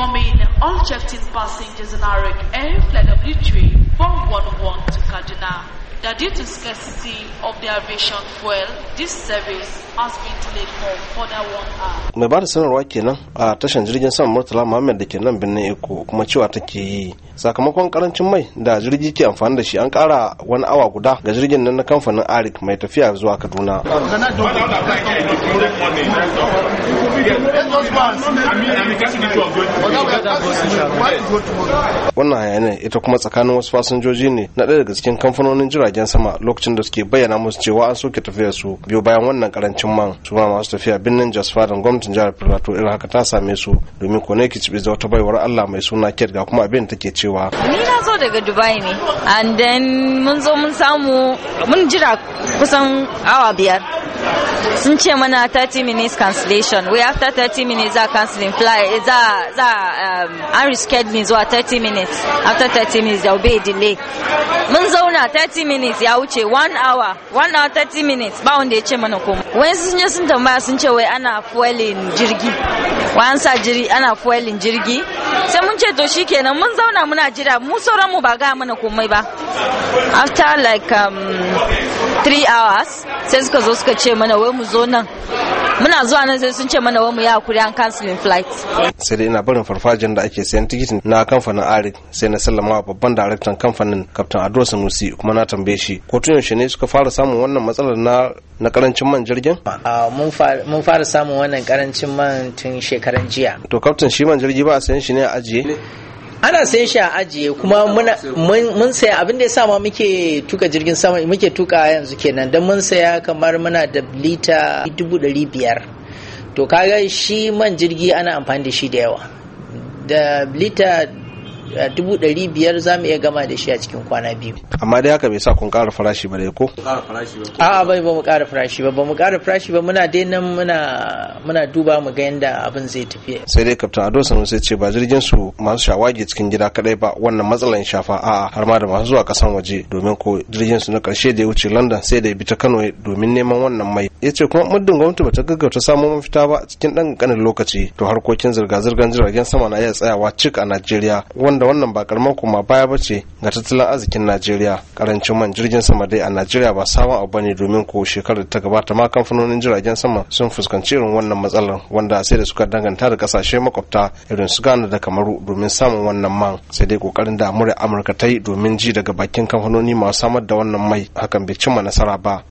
informing all checked-in passengers in Arik Air Flight W3 411 to Kaduna. That due to scarcity of the aviation fuel, this service has been delayed for further one hour. Mai ba da sanarwa kenan a tashan jirgin saman Murtala Muhammad da ke nan birnin Eko kuma cewa take yi sakamakon karancin mai da jirgi ke amfani da shi an kara wani awa guda ga jirgin nan na kamfanin Arik mai tafiya zuwa Kaduna. wannan hayanin ita kuma tsakanin wasu fasinjoji ne na ɗaya daga cikin kamfanonin jiragen sama lokacin da suke bayyana musu cewa an soke tafiyar su biyu bayan wannan karancin man su ma masu tafiya birnin jos fadan gwamnatin jihar filato irin haka ta same su domin ko ki cibi wata baiwar allah mai suna ket ga kuma abin take cewa ni na zo daga dubai ne and then mun zo mun samu mun jira kusan awa biyar sun ce mana 30 minutes cancellation we after 30 minutes are canceling fly a za za an um, reschedule me zuwa 30 minutes after 30 minutes there will be a delay mun zauna 30 minutes ya wuce 1 hour 1 hour 30 minutes ba wanda ya ce mana komai wai sun je sun tambaya sun ce wai ana fuelin jirgi wai sa jiri ana fuelin jirgi sai mun ce to shikenan mun zauna muna jira mu sauran mu ba ga mana komai ba after like um, 3 hours sai suka zo suka ce mana wai mu zo nan muna zuwa nan sai sun ce mana wai mu ya hakuri an canceling flight sai dai ina barin farfajin da ake sayan tikitin na kamfanin arik sai na sallama babban daraktan kamfanin kaftan ado sanusi kuma na tambaye shi ko tun yaushe ne suka fara samun wannan matsalar na na karancin man jirgin mun fara samun wannan karancin man tun shekaran jiya to kaftan shi man jirgi ba a sayan shi ne a ajiye ana sayan shi a ajiye kuma mun saya abin da ya sa ma muke tuka jirgin sama muke tuka yanzu kenan don mun saya kamar muna da lita dubu biyar to kaga shi man jirgi ana amfani da shi da yawa da lita dubu ɗari biyar za mu iya gama da shi a cikin kwana biyu. amma dai haka bai sa kun kara farashi ba dai ko. a'a bai ba mu ƙara farashi ba ba mu ƙara farashi ba muna dai nan muna duba mu ga yadda abin zai tafi. sai dai kaftan ado sanu sai ce ba jirgin su masu shawagi cikin gida kadai ba wannan matsalan shafa a'a har ma da masu zuwa kasan waje domin ko jirgin su na ƙarshe da ya wuce london sai da ya bi ta kano domin neman wannan mai ya ce kuma muddin gwamnati bata gaggauta samun mafita ba cikin dan kanin lokaci to harkokin zirga-zirgar jiragen sama na iya tsayawa cik a najeriya wanda wannan ba karamar kuma baya ba ce ga tattalin arzikin najeriya karancin man jirgin sama dai a najeriya ba sabon abu ne domin ko shekarar da ta gabata ma kamfanonin jiragen sama sun fuskanci irin wannan matsalar wanda sai da suka danganta da kasashe makwabta irin su gane da kamaru domin samun wannan man sai dai kokarin da amurka ta yi domin ji daga bakin kamfanoni masu samar da wannan mai hakan bai cimma nasara ba